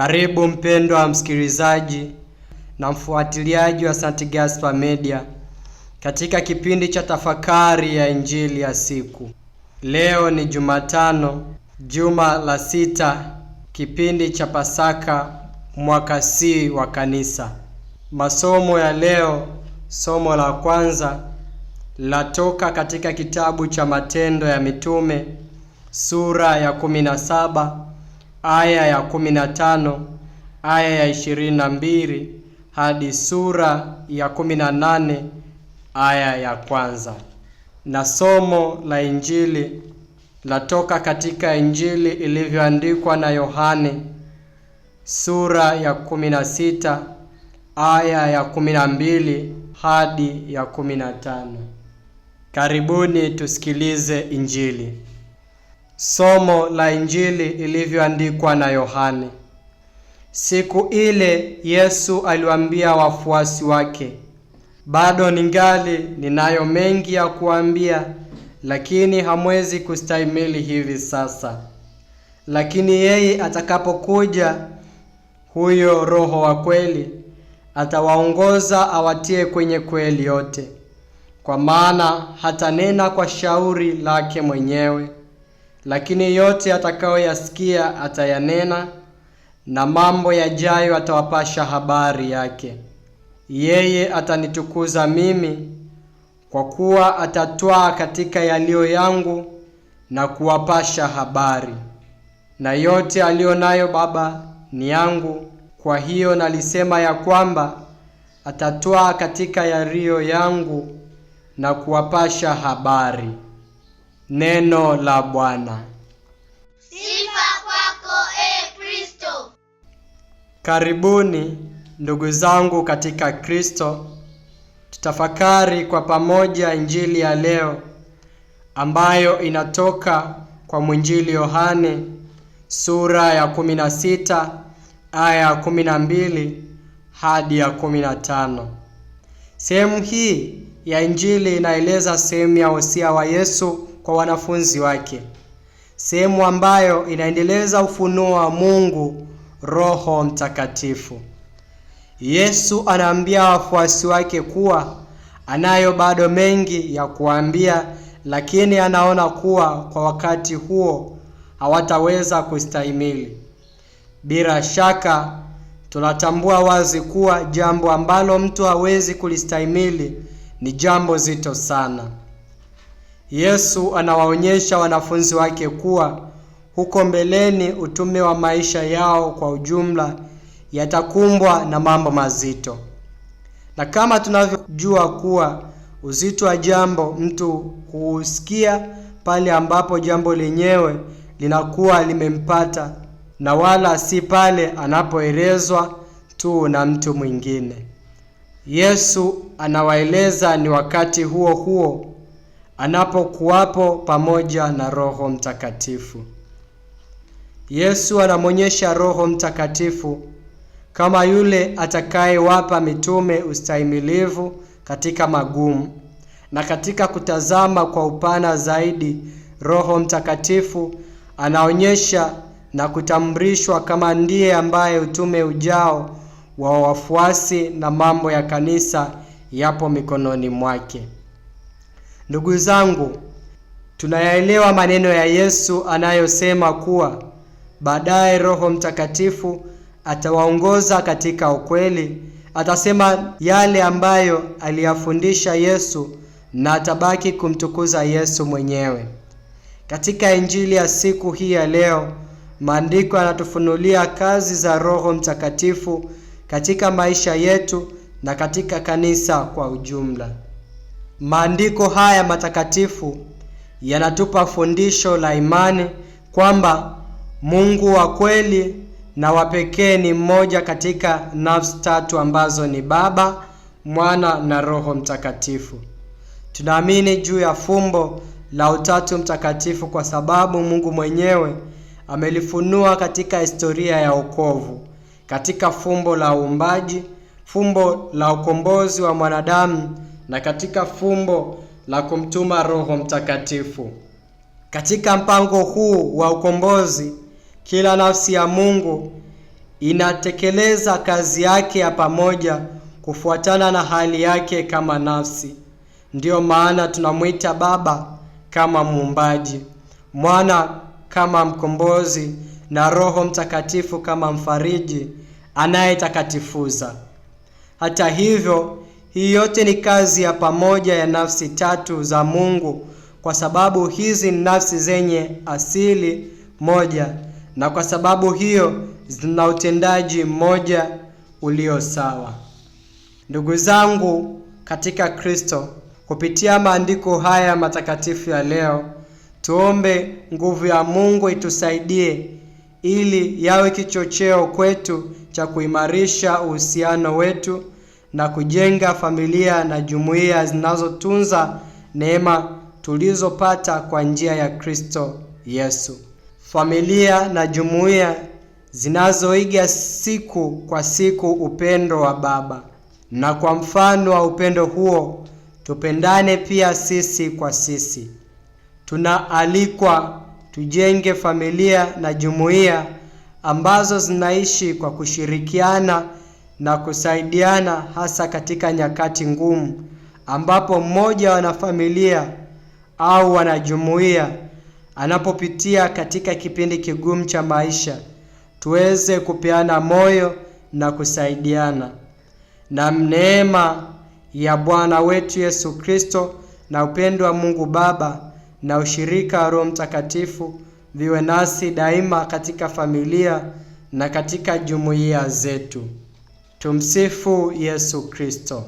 Karibu mpendwa msikilizaji na mfuatiliaji wa St. Gaspar Media katika kipindi cha tafakari ya injili ya siku. Leo ni Jumatano, juma la sita, kipindi cha Pasaka, mwaka C wa Kanisa. Masomo ya leo, somo la kwanza latoka katika kitabu cha Matendo ya Mitume sura ya kumi na saba aya ya 15 aya ya 22 hadi sura ya 18 aya ya kwanza, na somo la Injili latoka katika Injili ilivyoandikwa na Yohane sura ya 16 aya ya 12 hadi ya 15. Karibuni tusikilize Injili. Somo la Injili ilivyoandikwa na Yohane. Siku ile Yesu aliwaambia wafuasi wake, bado ningali ninayo mengi ya kuambia, lakini hamwezi kustahimili hivi sasa. Lakini yeye atakapokuja, huyo Roho wa kweli, atawaongoza awatie kwenye kweli yote, kwa maana hatanena kwa shauri lake mwenyewe lakini yote atakayoyasikia atayanena, na mambo yajayo atawapasha habari yake. Yeye atanitukuza mimi, kwa kuwa atatwaa katika yaliyo yangu na kuwapasha habari. Na yote aliyo nayo Baba ni yangu, kwa hiyo nalisema ya kwamba atatwaa katika yaliyo yangu na kuwapasha habari. Neno la Bwana. Sifa kwako e Kristo. Karibuni ndugu zangu katika Kristo, tutafakari kwa pamoja injili ya leo ambayo inatoka kwa mwinjili Yohane sura ya 16 aya ya 12 hadi ya 15. Sehemu hii ya injili inaeleza sehemu ya usia wa Yesu kwa wanafunzi wake, sehemu ambayo inaendeleza ufunuo wa Mungu Roho Mtakatifu. Yesu anaambia wafuasi wake kuwa anayo bado mengi ya kuambia, lakini anaona kuwa kwa wakati huo hawataweza kustahimili. Bila shaka tunatambua wazi kuwa jambo ambalo mtu hawezi kulistahimili ni jambo zito sana. Yesu anawaonyesha wanafunzi wake kuwa huko mbeleni utume wa maisha yao kwa ujumla yatakumbwa na mambo mazito, na kama tunavyojua kuwa uzito wa jambo mtu huusikia pale ambapo jambo lenyewe linakuwa limempata na wala si pale anapoelezwa tu na mtu mwingine. Yesu anawaeleza ni wakati huo huo anapokuwapo pamoja na Roho Mtakatifu. Yesu anamwonyesha Roho Mtakatifu kama yule atakayewapa mitume ustahimilivu katika magumu, na katika kutazama kwa upana zaidi, Roho Mtakatifu anaonyesha na kutambulishwa kama ndiye ambaye utume ujao wa wafuasi na mambo ya kanisa yapo mikononi mwake. Ndugu zangu, tunayaelewa maneno ya Yesu anayosema kuwa baadaye Roho Mtakatifu atawaongoza katika ukweli, atasema yale ambayo aliyafundisha Yesu na atabaki kumtukuza Yesu mwenyewe. Katika Injili ya siku hii ya leo, maandiko yanatufunulia kazi za Roho Mtakatifu katika maisha yetu na katika kanisa kwa ujumla. Maandiko haya matakatifu yanatupa fundisho la imani kwamba Mungu wa kweli na wa pekee ni mmoja katika nafsi tatu ambazo ni Baba, Mwana na Roho Mtakatifu. Tunaamini juu ya fumbo la Utatu Mtakatifu kwa sababu Mungu mwenyewe amelifunua katika historia ya wokovu, katika fumbo la uumbaji, fumbo la ukombozi wa mwanadamu na katika fumbo la kumtuma Roho Mtakatifu. Katika mpango huu wa ukombozi, kila nafsi ya Mungu inatekeleza kazi yake ya pamoja kufuatana na hali yake kama nafsi. Ndiyo maana tunamwita Baba kama muumbaji, Mwana kama mkombozi na Roho Mtakatifu kama mfariji anayetakatifuza. Hata hivyo, hii yote ni kazi ya pamoja ya nafsi tatu za Mungu, kwa sababu hizi ni nafsi zenye asili moja, na kwa sababu hiyo zina utendaji mmoja ulio sawa. Ndugu zangu katika Kristo, kupitia maandiko haya matakatifu ya leo, tuombe nguvu ya Mungu itusaidie ili yawe kichocheo kwetu cha kuimarisha uhusiano wetu na kujenga familia na jumuiya zinazotunza neema tulizopata kwa njia ya Kristo Yesu. Familia na jumuiya zinazoiga siku kwa siku upendo wa Baba, na kwa mfano wa upendo huo tupendane pia sisi kwa sisi. Tunaalikwa tujenge familia na jumuiya ambazo zinaishi kwa kushirikiana na kusaidiana hasa katika nyakati ngumu ambapo mmoja wa wanafamilia au wanajumuiya anapopitia katika kipindi kigumu cha maisha, tuweze kupeana moyo na kusaidiana. Na neema ya Bwana wetu Yesu Kristo na upendo wa Mungu Baba na ushirika wa Roho Mtakatifu viwe nasi daima katika familia na katika jumuiya zetu. Tumsifu Yesu Kristo.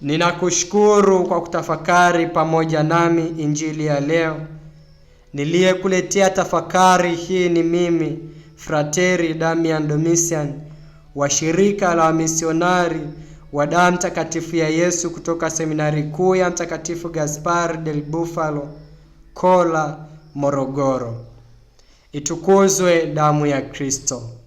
Ninakushukuru kwa kutafakari pamoja nami injili ya leo. Niliyekuletea tafakari hii ni mimi Frateri Damian Domisian wa shirika la wamisionari wa damu mtakatifu ya Yesu kutoka seminari kuu ya Mtakatifu Gaspar del Bufalo, Kola, Morogoro. Itukuzwe damu ya Kristo!